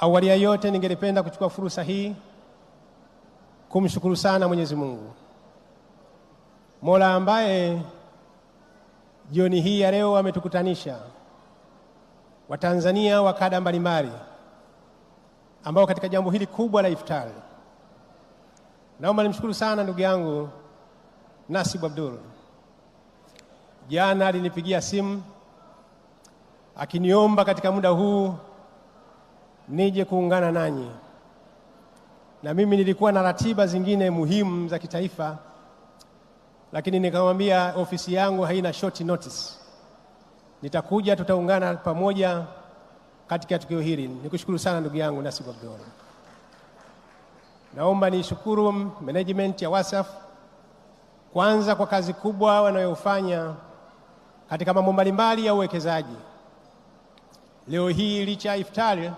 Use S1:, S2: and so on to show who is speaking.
S1: Awali ya yote, ningelipenda kuchukua fursa hii kumshukuru sana Mwenyezi Mungu Mola ambaye jioni hii ya leo ametukutanisha Watanzania wa kada mbalimbali ambao katika jambo hili kubwa la iftari. Naomba nimshukuru sana ndugu yangu Nasibu Abdul. Jana alinipigia simu akiniomba katika muda huu nije kuungana nanyi, na mimi nilikuwa na ratiba zingine muhimu za kitaifa, lakini nikamwambia ofisi yangu haina short notice, nitakuja, tutaungana pamoja katika tukio hili. Nikushukuru sana ndugu yangu Nasibu Abdul. Naomba niishukuru management ya wasaf kwanza kwa kazi kubwa wanayofanya katika mambo mbalimbali ya uwekezaji. Leo hii licha ya iftari